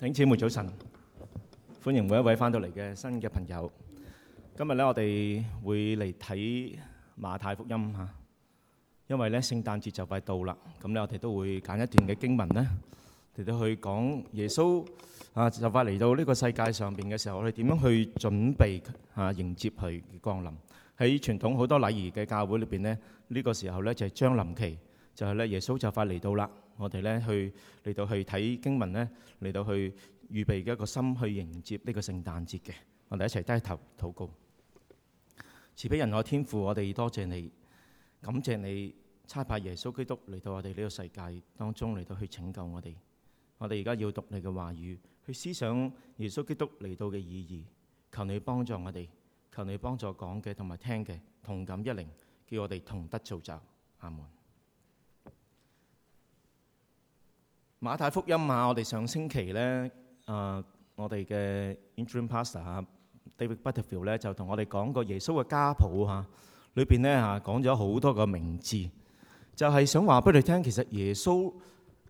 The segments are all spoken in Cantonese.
請姊妹早晨，歡迎每一位翻到嚟嘅新嘅朋友。今日咧，我哋會嚟睇馬太福音嚇，因為咧聖誕節就快到啦，咁咧我哋都會揀一段嘅經文咧，嚟到去講耶穌啊就快嚟到呢個世界上邊嘅時候，我哋點樣去準備啊迎接佢嘅光臨？喺傳統好多禮儀嘅教會裏邊咧，呢個時候咧就係將臨期，就係咧耶穌就快嚟到啦。我哋咧去嚟到去睇經文咧，嚟到去預備嘅一個心去迎接呢個聖誕節嘅。我哋一齊低頭禱告。慈悲仁愛天父，我哋多謝你，感謝你差派耶穌基督嚟到我哋呢個世界當中，嚟到去拯救我哋。我哋而家要讀你嘅話語，去思想耶穌基督嚟到嘅意義。求你幫助我哋，求你幫助講嘅同埋聽嘅同感一靈，叫我哋同得造就。阿門。馬太福音啊，我哋上星期咧、呃、啊，我哋嘅 interim pastor 啊，David Butterfield 咧就同我哋講過耶穌嘅家譜啊，裏邊咧啊講咗好多個名字，就係、是、想話俾你聽，其實耶穌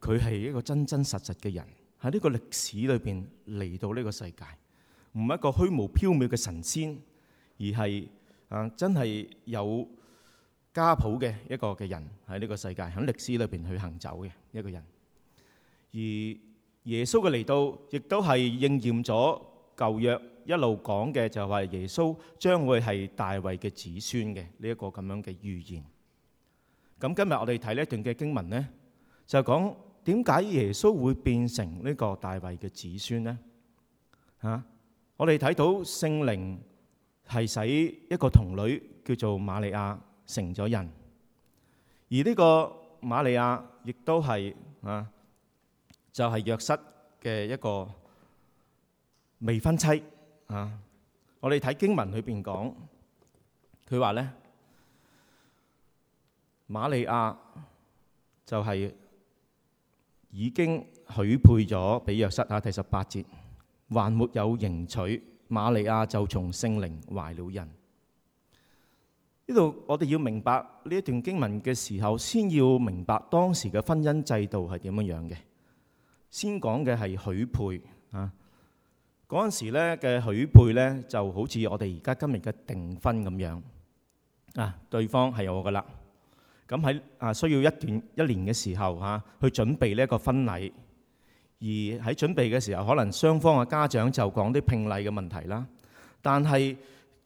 佢係一個真真實實嘅人喺呢個歷史裏邊嚟到呢個世界，唔係一個虛無飄渺嘅神仙，而係啊真係有家譜嘅一個嘅人喺呢個世界喺歷史裏邊去行走嘅一個人。而耶穌嘅嚟到，亦都係應驗咗舊約一路講嘅，就係耶穌將會係大衛嘅子孫嘅呢一個咁樣嘅預言。咁今日我哋睇呢一段嘅經文呢，就講點解耶穌會變成呢個大衛嘅子孫呢？啊，我哋睇到聖靈係使一個童女叫做瑪利亞成咗人，而呢個瑪利亞亦都係啊。就係約瑟嘅一個未婚妻啊！我哋睇經文裏邊講，佢話咧，瑪利亞就係已經許配咗俾約瑟。啊。第十八節，還沒有迎娶，瑪利亞就從聖靈懷了孕。呢度我哋要明白呢一段經文嘅時候，先要明白當時嘅婚姻制度係點樣樣嘅。先講嘅係許配啊，嗰陣時咧嘅許配咧就好似我哋而家今日嘅訂婚咁樣啊，對方係我噶啦，咁喺啊需要一段一年嘅時候嚇、啊、去準備呢一個婚禮，而喺準備嘅時候，可能雙方嘅家長就講啲聘禮嘅問題啦。但係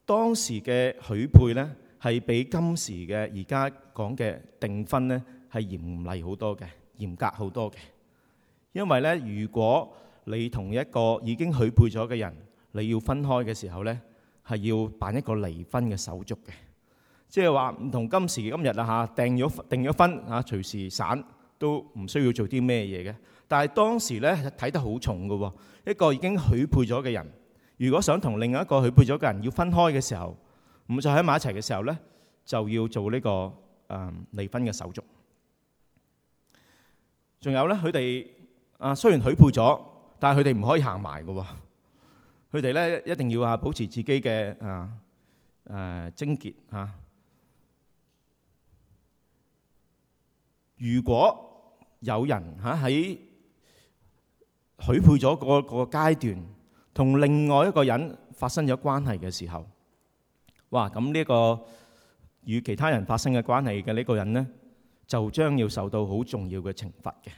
當時嘅許配咧，係比今時嘅而家講嘅訂婚咧，係嚴厲好多嘅，嚴格好多嘅。因為咧，如果你同一個已經許配咗嘅人，你要分開嘅時候咧，係要辦一個離婚嘅手續嘅，即係話唔同今時今日啦嚇，訂咗訂咗婚嚇，隨時散都唔需要做啲咩嘢嘅。但係當時咧睇得好重㗎喎，一個已經許配咗嘅人，如果想同另一個許配咗嘅人要分開嘅時候，唔再喺埋一齊嘅時候咧，就要做呢、這個誒、嗯、離婚嘅手續。仲有咧，佢哋。啊，雖然許配咗，但係佢哋唔可以行埋嘅喎。佢哋咧一定要啊保持自己嘅啊誒貞、啊、潔啊。如果有人嚇喺、啊、許配咗嗰個階段，同另外一個人發生咗關係嘅時候，哇！咁呢、呢個與其他人發生嘅關係嘅呢個人咧，就將要受到好重要嘅懲罰嘅。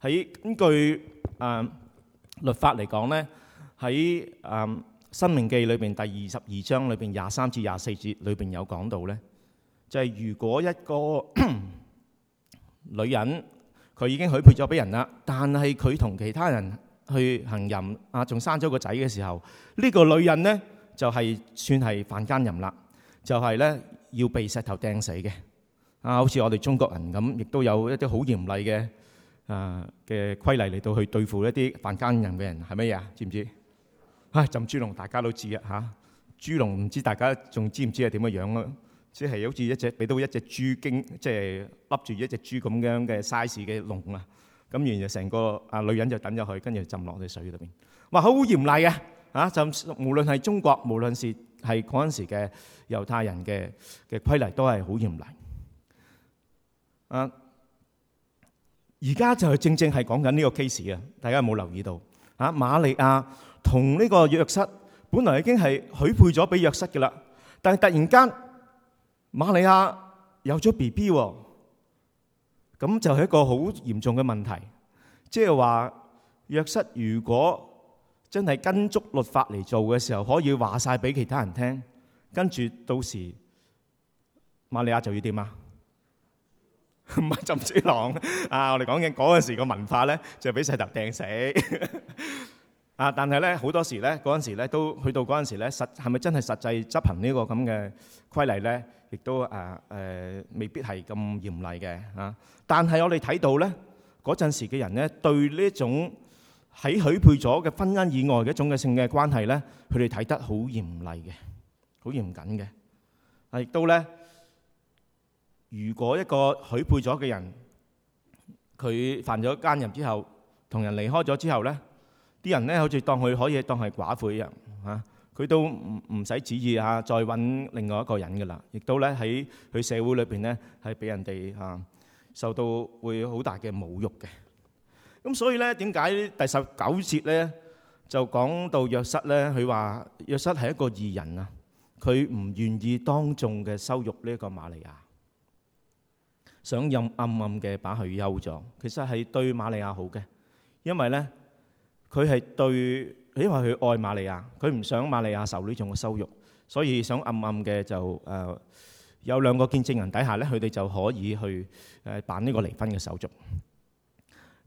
喺根據誒、呃、律法嚟講咧，喺誒《申、呃、命記》裏邊第二十二章裏邊廿三至廿四節裏邊有講到咧，就係、是、如果一個女人佢已經許配咗俾人啦，但係佢同其他人去行淫啊，仲生咗個仔嘅時候，呢、這個女人咧就係、是、算係犯奸淫啦，就係、是、咧要被石頭掟死嘅啊！好似我哋中國人咁，亦都有一啲好嚴厲嘅。啊嘅規例嚟到去對付一啲犯奸淫嘅人係乜嘢啊？知唔知？嚇，浸豬籠大家都知啦嚇。豬籠唔知大家仲知唔知係點嘅樣咯？即係好似一隻俾到一隻豬經，即係笠住一隻豬咁樣嘅 size 嘅籠啊。咁然後成個啊女人就等入去，跟住浸落去水裡邊。哇！好嚴厲嘅啊！浸，無論係中國，無論是係嗰陣時嘅猶太人嘅嘅規例都係好嚴厲。啊！而家就係正正係講緊呢個 case 啊！大家有冇留意到啊，瑪利亞同呢個約瑟本來已經係許配咗俾約瑟嘅啦，但係突然間瑪利亞有咗 BB 喎，咁就係一個好嚴重嘅問題。即係話約瑟如果真係跟足律法嚟做嘅時候，可以話晒俾其他人聽，跟住到時瑪利亞就要點啊？唔係浸豬籠啊！我哋講緊嗰陣時個文化咧，就俾石頭掟死啊！但係咧好多時咧，嗰陣時咧都去到嗰陣時咧實係咪真係實際執行呢個咁嘅規例咧？亦都誒誒，未必係咁嚴厲嘅啊！但係我哋睇到咧，嗰陣時嘅人咧，對呢種喺許配咗嘅婚姻以外嘅一種嘅性嘅關係咧，佢哋睇得好嚴厲嘅，好嚴謹嘅啊！亦都咧。如果一個許配咗嘅人，佢犯咗奸淫之後，同人離開咗之後咧，啲人咧好似當佢可以當係寡婦一樣嚇，佢都唔唔使旨意啊，再揾另外一個人噶啦，亦都咧喺佢社會裏邊咧係俾人哋嚇受到會好大嘅侮辱嘅。咁所以咧，點解第十九節咧就講到約瑟咧？佢話約瑟係一個義人啊，佢唔願意當眾嘅羞辱呢一個馬利亞。想用暗暗嘅把佢休咗，其實係對瑪利亞好嘅，因為咧佢係對，因為佢愛瑪利亞，佢唔想瑪利亞受呢種嘅羞辱，所以想暗暗嘅就誒有兩個見證人底下咧，佢哋就可以去誒辦呢個離婚嘅手續。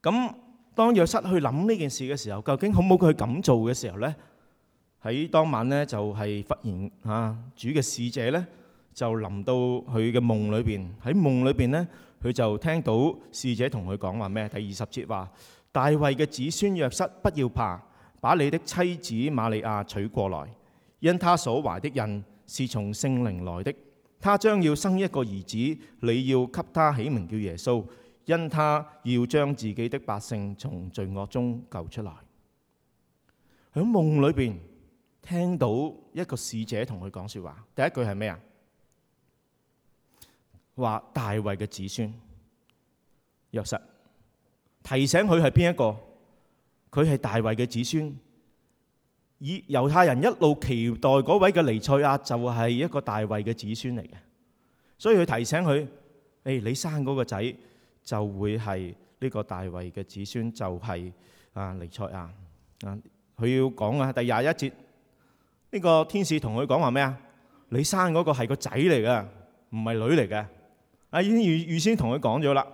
咁當約瑟去諗呢件事嘅時候，究竟好唔好佢咁做嘅時候咧？喺當晚咧就係忽然嚇主嘅使者咧。就臨到佢嘅夢裏邊，喺夢裏邊呢，佢就聽到使者同佢講話咩？第二十節話：大衛嘅子孫約瑟，不要怕，把你的妻子瑪利亞娶過來，因他所懷的孕是從聖靈來的。他將要生一個兒子，你要給他起名叫耶穌，因他要將自己的百姓從罪惡中救出來。喺夢裏邊聽到一個使者同佢講説話，第一句係咩啊？話大衛嘅子孫，約瑟提醒佢係邊一個？佢係大衛嘅子孫。以猶太人一路期待嗰位嘅彌賽亞就係一個大衛嘅子孫嚟嘅，所以佢提醒佢，誒、哎，你生嗰個仔就會係呢個大衛嘅子孫，就係、是、啊彌賽亞啊。佢要講啊，第廿一節呢、這個天使同佢講話咩啊？你生嗰個係個仔嚟嘅，唔係女嚟嘅。啊！已經預預先同佢講咗啦。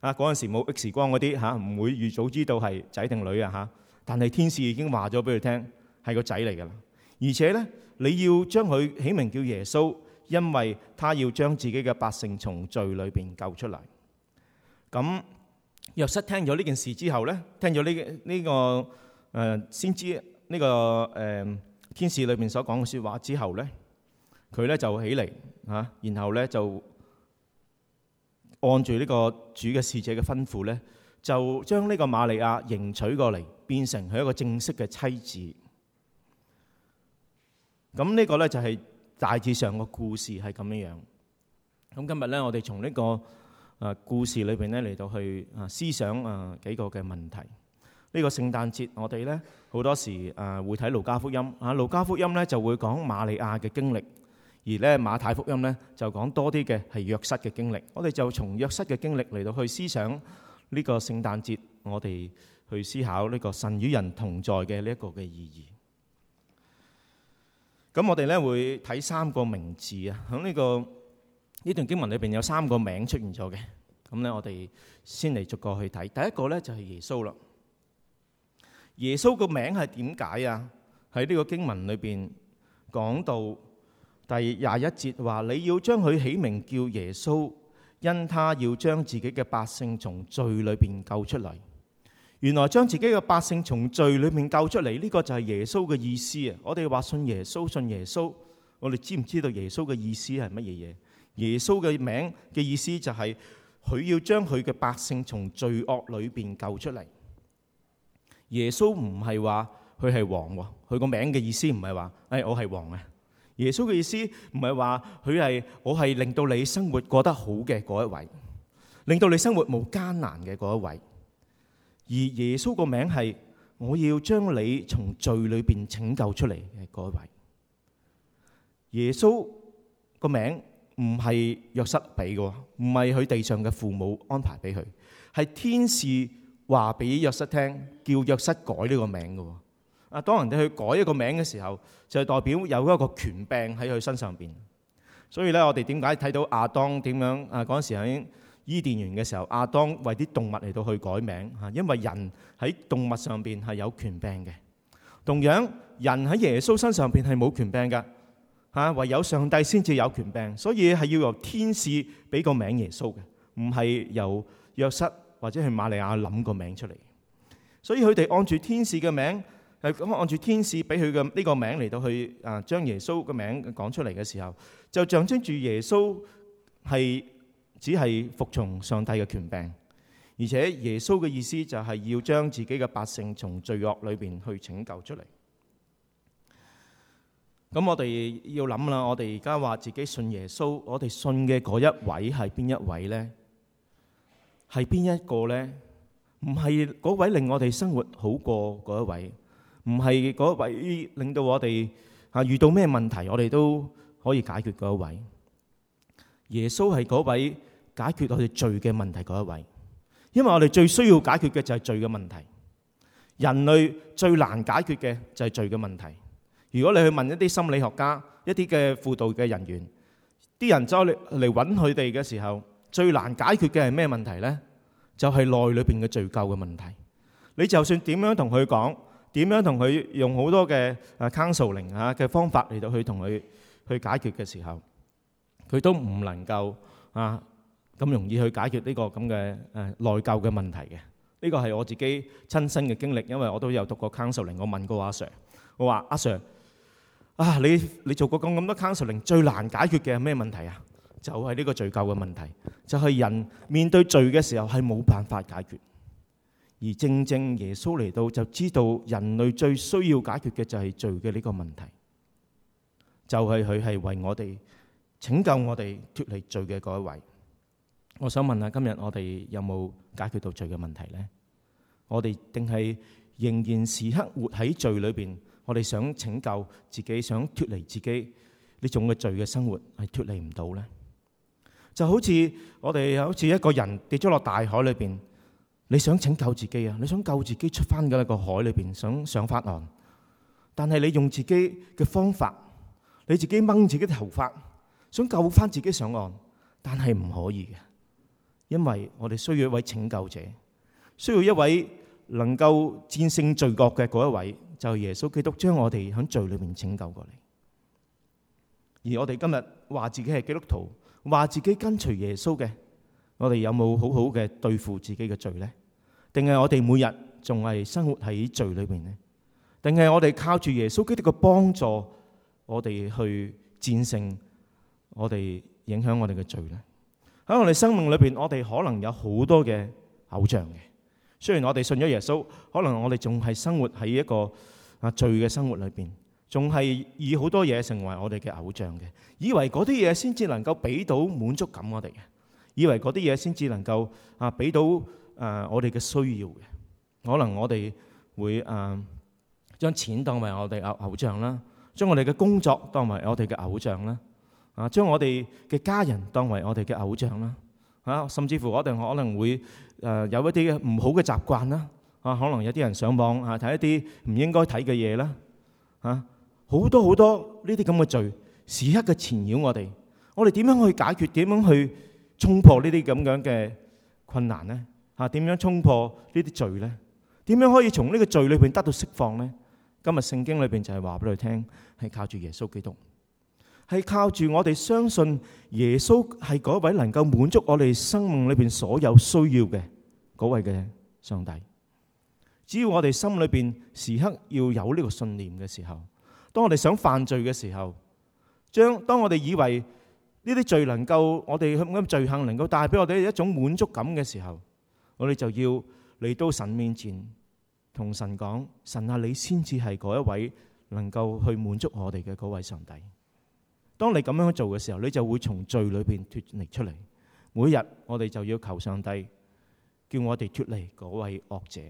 啊，嗰陣時冇 X 光嗰啲嚇，唔會預早知道係仔定女啊嚇。但係天使已經話咗俾佢聽係個仔嚟噶啦。而且咧，你要將佢起名叫耶穌，因為他要將自己嘅百姓從罪裏面救出嚟。咁約瑟聽咗呢件事之後咧，聽咗呢呢個、呃、先知呢、這個、呃、天使裏面所講嘅說話之後咧，佢咧就起嚟、啊、然後咧就。按住呢個主嘅使者嘅吩咐咧，就將呢個瑪利亞迎娶過嚟，變成佢一個正式嘅妻子。咁呢個咧就係、是、大致上故個故事係咁樣。咁今日咧，我哋從呢個故事裏面咧嚟到去啊思想啊幾個嘅問題。這個、聖誕節，呢個聖誕節我哋咧好多時誒會睇路加福音啊，路加福音咧就會講瑪利亞嘅經歷。而咧馬太福音咧就講多啲嘅係約瑟嘅經歷，我哋就從約瑟嘅經歷嚟到去思想呢個聖誕節，我哋去思考呢個神與人同在嘅呢一個嘅意義。咁我哋咧會睇三個名字啊，喺呢個呢段經文裏邊有三個名出現咗嘅，咁咧我哋先嚟逐個去睇。第一個咧就係耶穌啦，耶穌個名係點解啊？喺呢個經文裏邊講到。第廿一節話：你要將佢起名叫耶穌，因他要將自己嘅百姓從罪裏邊救出嚟。原來將自己嘅百姓從罪裏面救出嚟，呢、這個就係耶穌嘅意思啊！我哋話信耶穌，信耶穌，我哋知唔知道耶穌嘅意思係乜嘢？耶穌嘅名嘅意思就係、是、佢要將佢嘅百姓從罪惡裏邊救出嚟。耶穌唔係話佢係王，佢個名嘅意思唔係話，哎，我係王啊！耶穌嘅意思唔係話佢係，我係令到你生活過得好嘅嗰一位，令到你生活冇艱難嘅嗰一位。而耶穌個名係我要將你從罪裏邊拯救出嚟嘅嗰一位。耶穌個名唔係約瑟俾嘅，唔係佢地上嘅父母安排俾佢，係天使話俾約瑟聽，叫約瑟改呢個名嘅。啊！當人哋去改一個名嘅時候，就代表有一個權柄喺佢身上邊。所以咧，我哋點解睇到亞當點樣啊？嗰陣時喺伊甸園嘅時候，亞當為啲動物嚟到去改名嚇，因為人喺動物上邊係有權柄嘅。同樣人喺耶穌身上邊係冇權柄㗎嚇，唯有上帝先至有權柄，所以係要由天使俾個名耶穌嘅，唔係由約瑟或者係瑪利亞諗個名出嚟。所以佢哋按住天使嘅名。係咁，按住天使俾佢嘅呢個名嚟到去啊，將耶穌嘅名講出嚟嘅時候，就象徵住耶穌係只係服從上帝嘅權柄，而且耶穌嘅意思就係要將自己嘅百姓從罪惡裏邊去拯救出嚟。咁我哋要諗啦，我哋而家話自己信耶穌，我哋信嘅嗰一位係邊一位呢？係邊一個呢？唔係嗰位令我哋生活好過嗰一位。唔係嗰位令到我哋啊遇到咩問題，我哋都可以解決嗰一位。耶穌係嗰位解決我哋罪嘅問題嗰一位，因為我哋最需要解決嘅就係罪嘅問題，人類最難解決嘅就係罪嘅問題。如果你去問一啲心理學家、一啲嘅輔導嘅人員，啲人走嚟揾佢哋嘅時候，最難解決嘅係咩問題咧？就係內裏邊嘅罪疚嘅問題。你就算點樣同佢講。點樣同佢用好多嘅啊 counseling 啊嘅方法嚟到去同佢去解決嘅時候，佢都唔能夠啊咁容易去解決呢個咁嘅誒內疚嘅問題嘅。呢、這個係我自己親身嘅經歷，因為我都有讀過 counseling。我問過阿 Sir，我話阿 Sir 啊，你你做過咁咁多 counseling，最難解決嘅係咩問題啊？就係呢個罪疚嘅問題，就係、是就是、人面對罪嘅時候係冇辦法解決。而正正耶穌嚟到，就知道人類最需要解決嘅就係罪嘅呢個問題，就係佢係為我哋拯救我哋脱離罪嘅嗰一位。我想問下，今日我哋有冇解決到罪嘅問題呢？我哋定係仍然時刻活喺罪裏邊？我哋想拯救自己，想脱離自己呢種嘅罪嘅生活，係脱離唔到呢？就好似我哋好似一個人跌咗落大海裏邊。你想拯救自己啊！你想救自己出翻嘅個海裏邊，想上岸，但係你用自己嘅方法，你自己掹自己的頭髮，想救翻自己上岸，但係唔可以嘅。因為我哋需要一位拯救者，需要一位能夠戰勝罪惡嘅嗰一位，就係耶穌基督，將我哋響罪裏邊拯救過嚟。而我哋今日話自己係基督徒，話自己跟隨耶穌嘅，我哋有冇好好嘅對付自己嘅罪咧？定係我哋每日仲係生活喺罪裏邊呢？定係我哋靠住耶穌基督嘅幫助，我哋去戰勝我哋影響我哋嘅罪呢？喺我哋生命裏邊，我哋可能有好多嘅偶像嘅。雖然我哋信咗耶穌，可能我哋仲係生活喺一個啊罪嘅生活裏邊，仲係以好多嘢成為我哋嘅偶像嘅，以為嗰啲嘢先至能夠俾到滿足感我哋嘅，以為嗰啲嘢先至能夠啊俾到。誒、啊，我哋嘅需要嘅，可能我哋會誒將、啊、錢當為我哋嘅偶像啦，將我哋嘅工作當為我哋嘅偶像啦，啊，將我哋嘅家人當為我哋嘅偶像啦，啊，甚至乎我哋可能會誒、啊、有一啲嘅唔好嘅習慣啦，啊，可能有啲人上網啊睇一啲唔應該睇嘅嘢啦，啊，好多好多呢啲咁嘅罪時刻嘅纏繞我哋，我哋點樣去解決？點樣去衝破呢啲咁樣嘅困難呢？啊！點樣衝破呢啲罪呢？點樣可以從呢個罪裏邊得到釋放呢？今日聖經裏邊就係話俾你聽，係靠住耶穌基督，係靠住我哋相信耶穌係嗰位能夠滿足我哋生命裏邊所有需要嘅嗰位嘅上帝。只要我哋心裏邊時刻要有呢個信念嘅時候，當我哋想犯罪嘅時候，將當我哋以為呢啲罪能夠我哋咁嘅罪行能夠帶俾我哋一種滿足感嘅時候，我哋就要嚟到神面前，同神講，神啊，你先至係嗰一位能夠去滿足我哋嘅嗰位上帝。當你咁樣做嘅時候，你就會從罪裏邊脫離出嚟。每日我哋就要求上帝，叫我哋脫離嗰位惡者，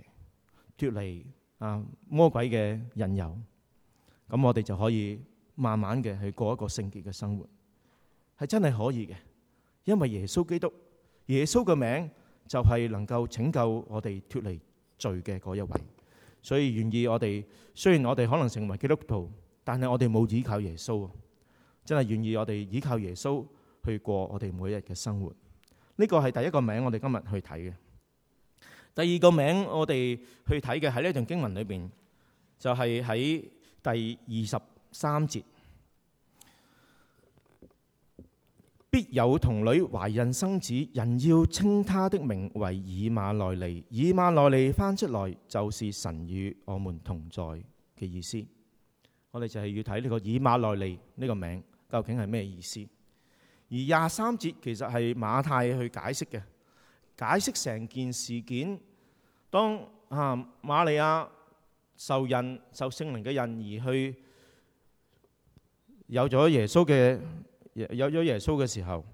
脫離啊魔鬼嘅引誘。咁我哋就可以慢慢嘅去過一個聖潔嘅生活，係真係可以嘅，因為耶穌基督，耶穌嘅名。就係能夠拯救我哋脫離罪嘅嗰一位，所以願意我哋，雖然我哋可能成為基督徒，但係我哋冇依靠耶穌，真係願意我哋依靠耶穌去過我哋每一日嘅生活。呢個係第一個名，我哋今日去睇嘅。第二個名，我哋去睇嘅喺呢段經文裏邊，就係喺第二十三節。有童女懷孕生子，人要稱他的名為以馬內利。以馬內利翻出來就是神與我們同在嘅意思。我哋就係要睇呢個以馬內利呢個名究竟係咩意思。而廿三節其實係馬太去解釋嘅，解釋成件事件。當啊瑪利亞受孕受聖靈嘅印而去有咗耶穌嘅。有咗耶穌嘅時候，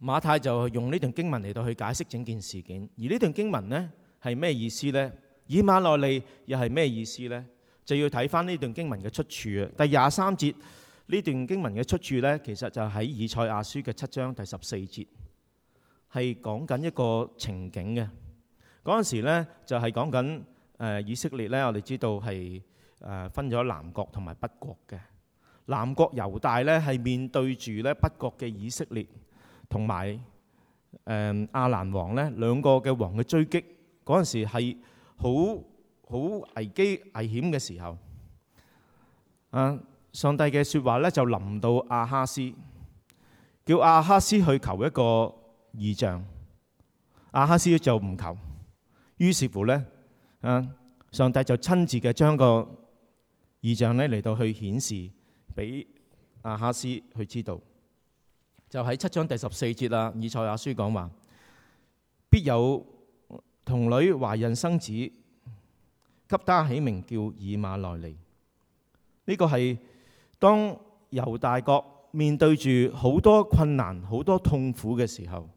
馬太就用呢段經文嚟到去解釋整件事件。而呢段經文呢係咩意思呢？以馬內利又係咩意思呢？就要睇翻呢段經文嘅出處啊！第廿三節呢段經文嘅出處呢，其實就喺以賽亞書嘅七章第十四節，係講緊一個情景嘅。嗰陣時呢就係講緊以色列呢，我哋知道係分咗南國同埋北國嘅。南國猶大咧，係面對住咧北國嘅以色列同埋誒亞蘭王咧，兩個嘅王嘅追擊嗰陣時係好好危機危險嘅時候啊！上帝嘅說話咧就臨到阿哈斯，叫阿哈斯去求一個異象，阿哈斯就唔求，於是乎咧啊，上帝就親自嘅將個異象咧嚟到去顯示。俾阿哈斯去知道，就喺七章第十四節啦。以賽亞書講話必有童女懷孕生子，給他起名叫以馬內利。呢、這個係當猶大國面對住好多困難、好多痛苦嘅時候，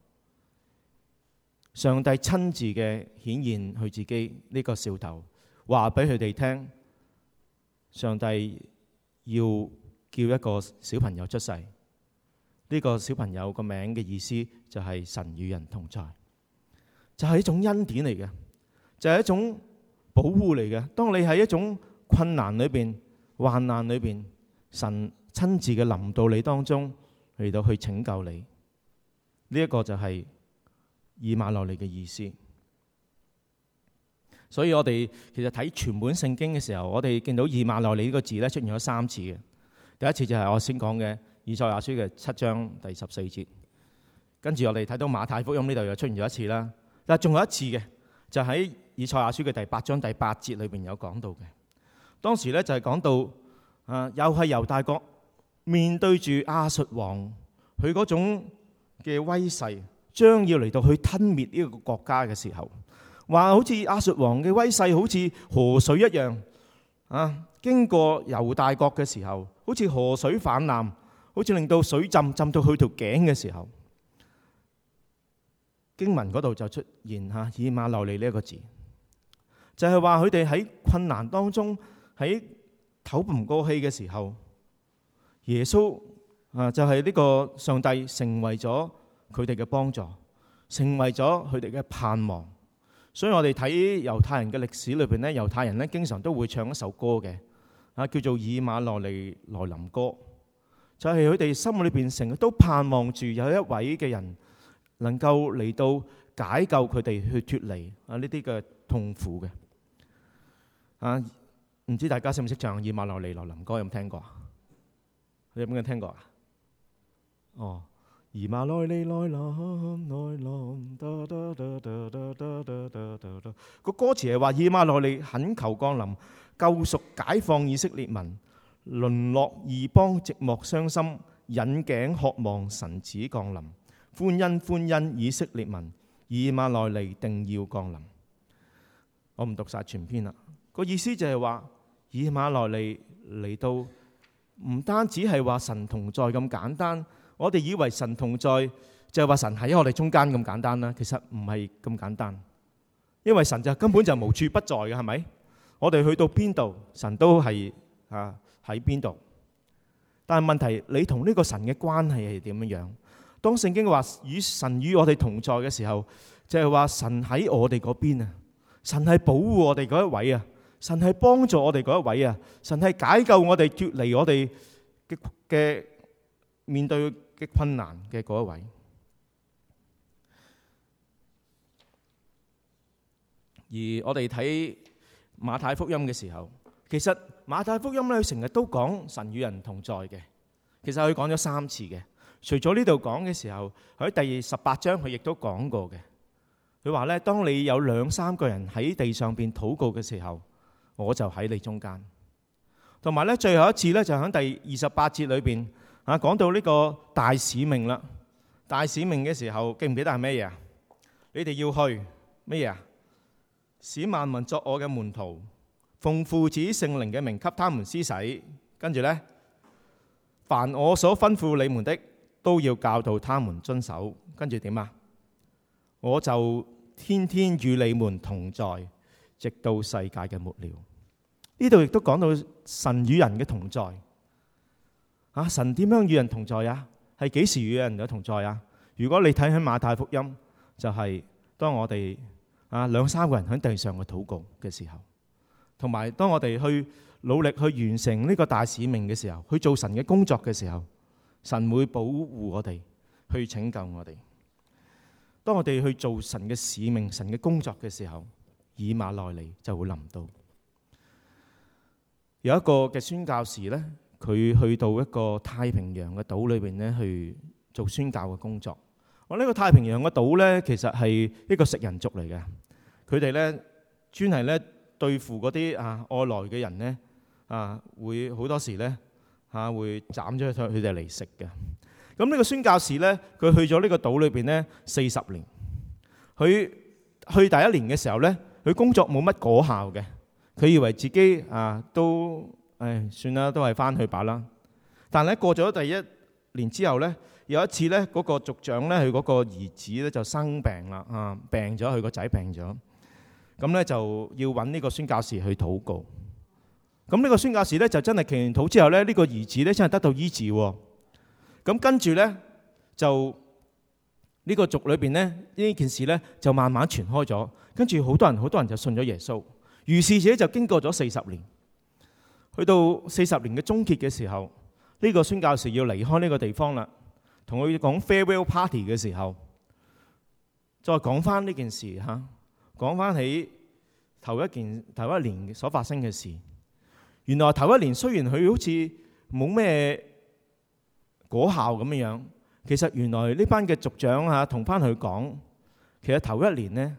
上帝親自嘅顯現佢自己呢、這個兆頭，話俾佢哋聽，上帝要。叫一個小朋友出世，呢、這個小朋友個名嘅意思就係神與人同在，就係、是、一種恩典嚟嘅，就係、是、一種保護嚟嘅。當你喺一種困難裏邊、患難裏邊，神親自嘅臨到你當中嚟到去拯救你，呢、這、一個就係以馬內利嘅意思。所以我哋其實睇全本聖經嘅時候，我哋見到以馬內利呢個字咧出現咗三次嘅。第一次就係我先講嘅以賽亞書嘅七章第十四節，跟住我哋睇到馬太福音呢度又出現咗一次啦。但仲有一次嘅，就喺以賽亞書嘅第八章第八節裏邊有講到嘅。當時呢，就係講到啊，又係猶大國面對住亞述王佢嗰種嘅威勢，將要嚟到去吞滅呢個國家嘅時候，話好似亞述王嘅威勢好似河水一樣。啊！經過猶大國嘅時候，好似河水泛濫，好似令到水浸浸到佢條頸嘅時候，經文嗰度就出現嚇以馬內利呢一個字，就係話佢哋喺困難當中，喺透唔過氣嘅時候，耶穌啊就係、是、呢個上帝成為咗佢哋嘅幫助，成為咗佢哋嘅盼望。所以我哋睇猶太人嘅歷史裏邊咧，猶太人咧經常都會唱一首歌嘅，啊叫做以馬內利來臨歌，就係佢哋心裏邊成日都盼望住有一位嘅人能夠嚟到解救佢哋去脫離啊呢啲嘅痛苦嘅，啊唔知大家識唔識唱以馬內利來臨歌，有冇聽過啊？你有冇聽過啊？哦。以馬內利來臨，來臨。個歌詞係話：以馬內利懇求降臨，救贖解放以色列民，淪落異邦寂寞傷心，引頸渴望神子降臨。歡欣歡欣以色列民，以馬內利定要降臨。我唔讀晒全篇啦，個意思就係話：以馬內利嚟到，唔單止係話神同在咁簡單。我哋以為神同在就係話神喺我哋中間咁簡單啦，其實唔係咁簡單，因為神就根本就無處不在嘅，係咪？我哋去到邊度，神都係啊喺邊度。但係問題，你同呢個神嘅關係係點樣？當聖經話與神與我哋同在嘅時候，就係話神喺我哋嗰邊啊，神係保護我哋嗰一位啊，神係幫助我哋嗰一位啊，神係解救我哋脫離我哋嘅嘅面對。的困難嘅一位，而我哋睇馬太福音嘅時候，其實馬太福音咧，佢成日都講神與人同在嘅。其實佢講咗三次嘅，除咗呢度講嘅時候，佢喺第十八章，佢亦都講過嘅。佢話咧，當你有兩三個人喺地上邊禱告嘅時候，我就喺你中間。同埋咧，最後一次咧，就喺第二十八節裏邊。啊，講到呢個大使命啦，大使命嘅時候記唔記得係咩嘢啊？你哋要去咩嘢啊？使萬民作我嘅門徒，奉父子聖靈嘅名給他們施洗，跟住呢，凡我所吩咐你們的，都要教導他們遵守。跟住點啊？我就天天與你們同在，直到世界嘅末了。呢度亦都講到神與人嘅同在。啊！神點樣與人同在啊，係幾時與人有同在啊？如果你睇起馬太福音，就係、是、當我哋啊兩三個人喺地上嘅禱告嘅時候，同埋當我哋去努力去完成呢個大使命嘅時候，去做神嘅工作嘅時候，神會保護我哋，去拯救我哋。當我哋去做神嘅使命、神嘅工作嘅時候，以馬內利就會臨到。有一個嘅宣教士咧。佢去到一個太平洋嘅島裏邊咧，去做宣教嘅工作。我、這、呢個太平洋嘅島咧，其實係一個食人族嚟嘅。佢哋咧專係咧對付嗰啲啊外來嘅人咧，啊會好多時咧啊會斬咗佢哋嚟食嘅。咁呢個宣教士咧，佢去咗呢個島裏邊咧四十年。佢去第一年嘅時候咧，佢工作冇乜果效嘅。佢以為自己啊都。唉、哎，算啦，都係翻去吧啦。但係過咗第一年之後呢，有一次呢，嗰、那個族長呢，佢嗰個兒子呢，就生病啦，啊，病咗，佢個仔病咗。咁、嗯、呢，就要揾呢個宣教士去禱告。咁呢個宣教士呢，就真係祈完禱之後呢，呢、這個兒子呢，真係得到醫治、哦。咁跟住呢，就呢、這個族裏邊呢，呢件事呢，就慢慢傳開咗，跟住好多人好多人就信咗耶穌。如是者就經過咗四十年。去到四十年嘅終結嘅時候，呢個孫教士要離開呢個地方啦。同佢講 farewell party 嘅時候，再講翻呢件事嚇，講翻起頭一件頭一年所發生嘅事。原來頭一年雖然佢好似冇咩果效咁樣樣，其實原來呢班嘅族長嚇同翻佢講，其實頭一年呢，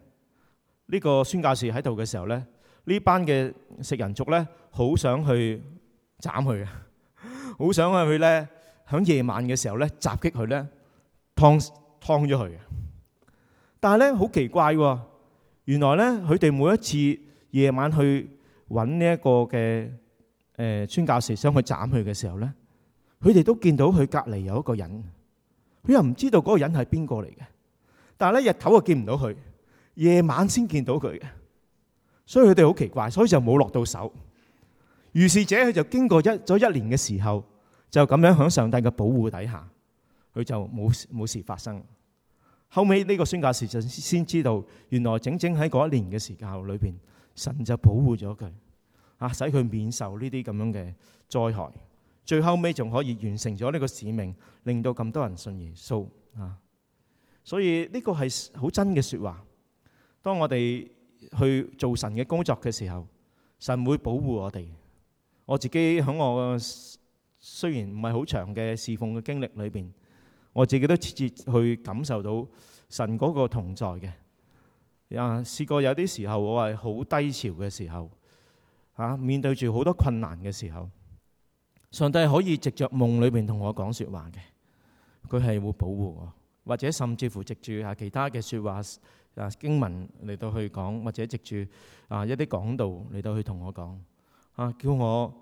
呢個孫教士喺度嘅時候咧。呢班嘅食人族咧，好想去斬佢嘅，好想去佢咧，喺夜晚嘅時候咧襲擊佢咧，㓥㓥咗佢嘅。但係咧好奇怪喎，原來咧佢哋每一次夜晚去搵呢一個嘅誒村教士，想去斬佢嘅時候咧，佢哋都見到佢隔籬有一個人，佢又唔知道嗰個人係邊個嚟嘅，但係咧日頭又見唔到佢，夜晚先見到佢嘅。所以佢哋好奇怪，所以就冇落到手。如是者佢就經過一咗一年嘅時候，就咁樣喺上帝嘅保護底下，佢就冇冇事發生。後尾呢個宣教士就先知道，原來整整喺嗰一年嘅時間裏邊，神就保護咗佢，吓使佢免受呢啲咁樣嘅災害。最後尾仲可以完成咗呢個使命，令到咁多人信耶穌啊！所以呢個係好真嘅說話。當我哋。去做神嘅工作嘅時候，神會保護我哋。我自己喺我雖然唔係好長嘅侍奉嘅經歷裏邊，我自己都切切去感受到神嗰個同在嘅。啊，試過有啲時候我係好低潮嘅時候，啊、面對住好多困難嘅時候，上帝可以藉着夢裏邊同我講說話嘅，佢係會保護我，或者甚至乎藉住啊其他嘅說話。啊經文嚟到去講，或者藉住啊一啲講道嚟到去同我講，啊叫我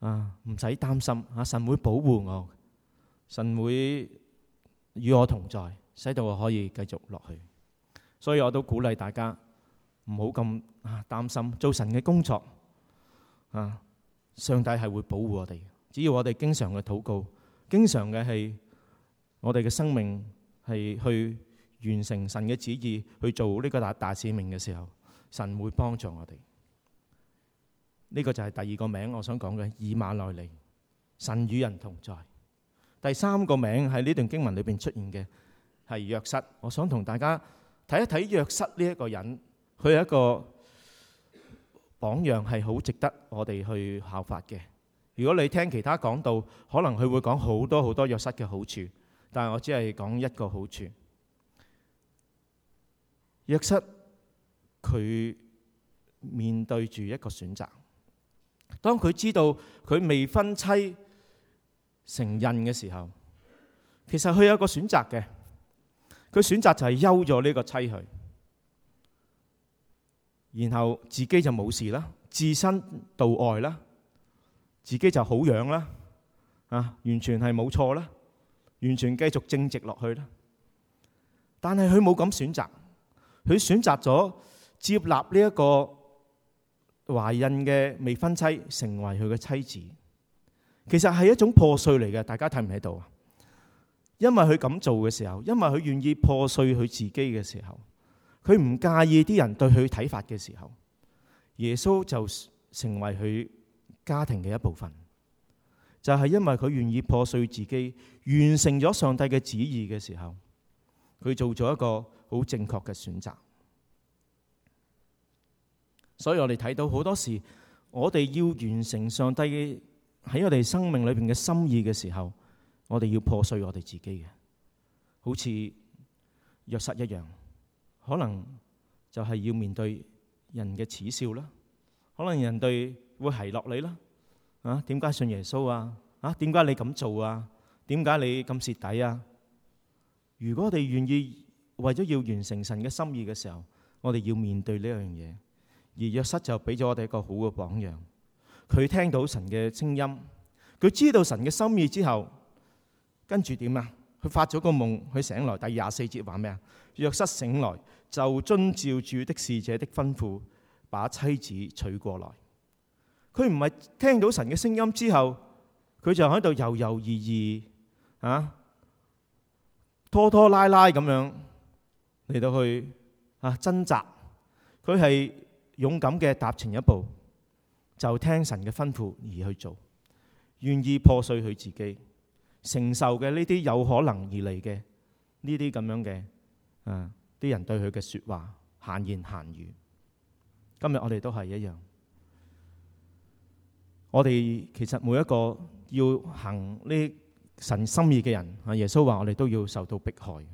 啊唔使擔心，啊神會保護我，神會與我同在，使到我可以繼續落去。所以我都鼓勵大家唔好咁啊擔心，做神嘅工作啊，上帝係會保護我哋，只要我哋經常嘅禱告，經常嘅係我哋嘅生命係去。完成神嘅旨意去做呢個大大使命嘅時候，神會幫助我哋。呢個就係第二個名，我想講嘅以馬內利，神與人同在。第三個名喺呢段經文裏邊出現嘅係約瑟。我想同大家睇一睇約瑟呢一個人，佢係一個榜樣，係好值得我哋去效法嘅。如果你聽其他講道，可能佢會講好多好多約瑟嘅好處，但係我只係講一個好處。約瑟佢面對住一個選擇，當佢知道佢未婚妻成孕嘅時候，其實佢有一個選擇嘅。佢選擇就係休咗呢個妻去，然後自己就冇事啦，置身度外啦，自己就好養啦，啊，完全係冇錯啦，完全繼續正直落去啦。但係佢冇咁選擇。佢選擇咗接納呢一個懷孕嘅未婚妻成為佢嘅妻子，其實係一種破碎嚟嘅，大家睇唔睇到啊？因為佢咁做嘅時候，因為佢願意破碎佢自己嘅時候，佢唔介意啲人對佢睇法嘅時候，耶穌就成為佢家庭嘅一部分。就係因為佢願意破碎自己，完成咗上帝嘅旨意嘅時候，佢做咗一個好正確嘅選擇，所以我哋睇到好多時，我哋要完成上帝嘅喺我哋生命裏邊嘅心意嘅時候，我哋要破碎我哋自己嘅，好似約瑟一樣，可能就係要面對人嘅恥笑啦，可能人哋會奚落你啦，啊？點解信耶穌啊？啊？點解你咁做啊？點解你咁蝕底啊？如果我哋願意。為咗要完成神嘅心意嘅時候，我哋要面對呢樣嘢，而約瑟就俾咗我哋一個好嘅榜樣。佢聽到神嘅聲音，佢知道神嘅心意之後，跟住點啊？佢發咗個夢，佢醒來，第二十四節話咩啊？約瑟醒來就遵照住的使者的吩咐，把妻子娶過來。佢唔係聽到神嘅聲音之後，佢就喺度猶猶豫豫啊，拖拖拉拉咁樣。嚟到去啊，掙扎，佢係勇敢嘅踏前一步，就聽神嘅吩咐而去做，願意破碎佢自己，承受嘅呢啲有可能而嚟嘅呢啲咁樣嘅啊啲人對佢嘅說話閒言閒語。今日我哋都係一樣，我哋其實每一個要行呢神心意嘅人啊，耶穌話我哋都要受到迫害。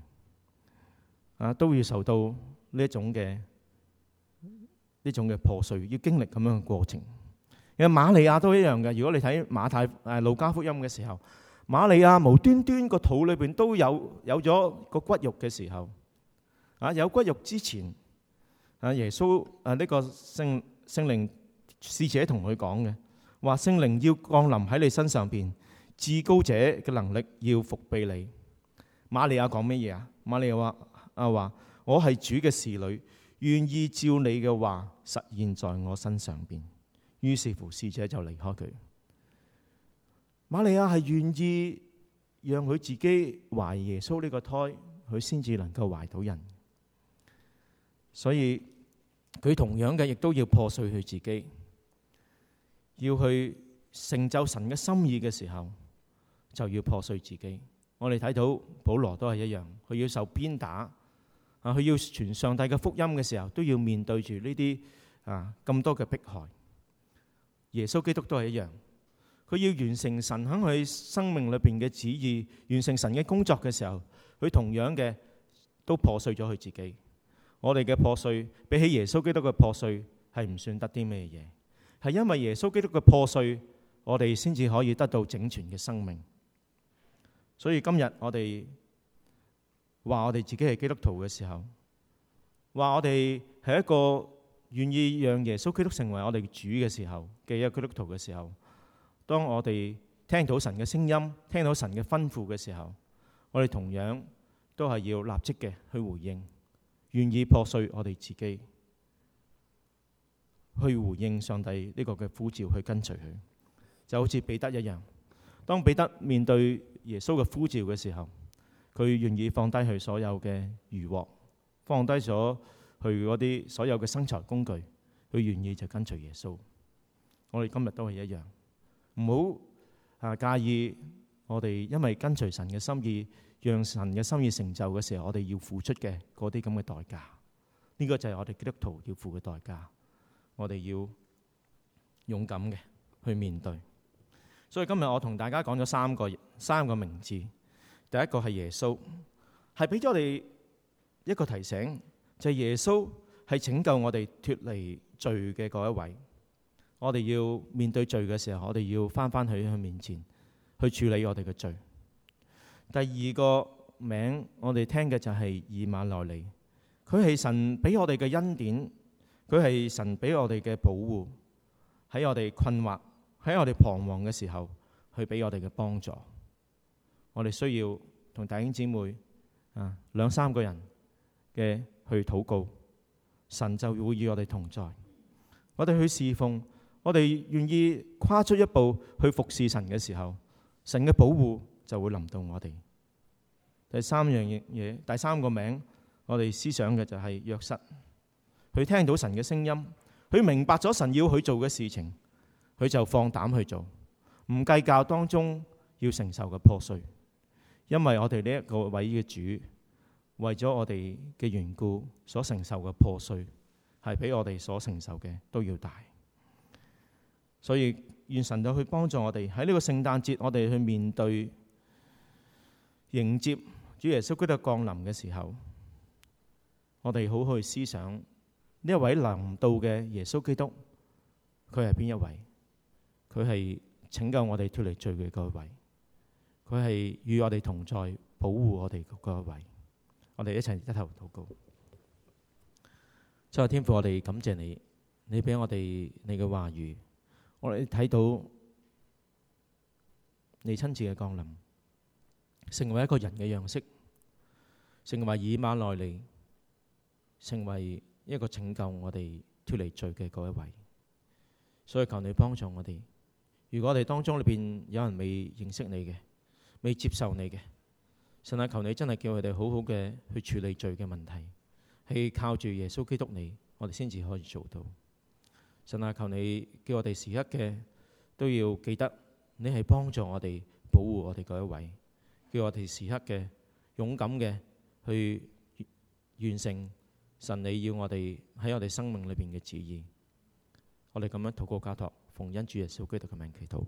啊，都要受到呢種嘅呢種嘅破碎，要經歷咁樣嘅過程。因為瑪利亞都一樣嘅。如果你睇馬太誒路加福音嘅時候，瑪利亞無端端個肚裏邊都有有咗個骨肉嘅時候，啊有骨肉之前，啊耶穌啊呢個聖聖靈使者同佢講嘅話，聖靈要降臨喺你身上邊，至高者嘅能力要蔭庇你。瑪利亞講咩嘢啊？瑪利亞話。啊！話我係主嘅侍女，願意照你嘅話實現在我身上邊。於是乎，使者就離開佢。瑪利亞係願意讓佢自己懷耶穌呢個胎，佢先至能夠懷到人。所以佢同樣嘅，亦都要破碎佢自己，要去成就神嘅心意嘅時候，就要破碎自己。我哋睇到保羅都係一樣，佢要受鞭打。啊！佢要傳上帝嘅福音嘅時候，都要面對住呢啲啊，咁多嘅迫害。耶穌基督都係一樣，佢要完成神喺佢生命裏面嘅旨意，完成神嘅工作嘅時候，佢同樣嘅都破碎咗佢自己。我哋嘅破碎比起耶穌基督嘅破碎係唔算得啲咩嘢，係因為耶穌基督嘅破碎，我哋先至可以得到整全嘅生命。所以今日我哋。話我哋自己係基督徒嘅時候，話我哋係一個願意讓耶穌基督成為我哋主嘅時候嘅一個基督徒嘅時候，當我哋聽到神嘅聲音，聽到神嘅吩咐嘅時候，我哋同樣都係要立即嘅去回應，願意破碎我哋自己，去回應上帝呢個嘅呼召，去跟隨佢，就好似彼得一樣，當彼得面對耶穌嘅呼召嘅時候。佢願意放低佢所有嘅漁獲，放低咗佢嗰啲所有嘅生財工具，佢願意就跟隨耶穌。我哋今日都係一樣，唔好啊，介意我哋因為跟隨神嘅心意，讓神嘅心意成就嘅時候，我哋要付出嘅嗰啲咁嘅代價。呢個就係我哋基督徒要付嘅代價。我哋要勇敢嘅去面對。所以今日我同大家講咗三個三個名字。第一個係耶穌，係俾咗我哋一個提醒，就係、是、耶穌係拯救我哋脫離罪嘅嗰一位。我哋要面對罪嘅時候，我哋要返返去佢面前去處理我哋嘅罪。第二個名我哋聽嘅就係以馬內利，佢係神俾我哋嘅恩典，佢係神俾我哋嘅保護，喺我哋困惑、喺我哋彷徨嘅時候，去俾我哋嘅幫助。我哋需要同弟兄姊妹啊，兩三個人嘅去禱告，神就會與我哋同在。我哋去侍奉，我哋願意跨出一步去服侍神嘅時候，神嘅保護就會臨到我哋。第三樣嘢，第三個名，我哋思想嘅就係約瑟。佢聽到神嘅聲音，佢明白咗神要佢做嘅事情，佢就放膽去做，唔計較當中要承受嘅破碎。因為我哋呢一個位嘅主，為咗我哋嘅緣故所承受嘅破碎，係比我哋所承受嘅都要大。所以願神就去幫助我哋喺呢個聖誕節，我哋去面對、迎接主耶穌基督降臨嘅時候，我哋好去思想呢一位臨到嘅耶穌基督，佢係邊一位？佢係拯救我哋脱離罪罪嘅嗰位。佢係與我哋同在，保護我哋嗰一位。我哋一齊低頭禱告。在天父，我哋感謝你，你俾我哋你嘅話語，我哋睇到你親自嘅降臨，成為一個人嘅樣式，成為以馬內利，成為一個拯救我哋脫離罪嘅嗰一位。所以求你幫助我哋。如果我哋當中裏邊有人未認識你嘅，未接受你嘅，神啊，求你真係叫佢哋好好嘅去處理罪嘅問題，係靠住耶穌基督你，我哋先至可以做到。神啊，求你叫我哋時刻嘅都要記得，你係幫助我哋、保護我哋嗰一位，叫我哋時刻嘅勇敢嘅去完成神你要我哋喺我哋生命裏邊嘅旨意。我哋咁樣禱告，交託奉恩主耶穌基督嘅名祈禱。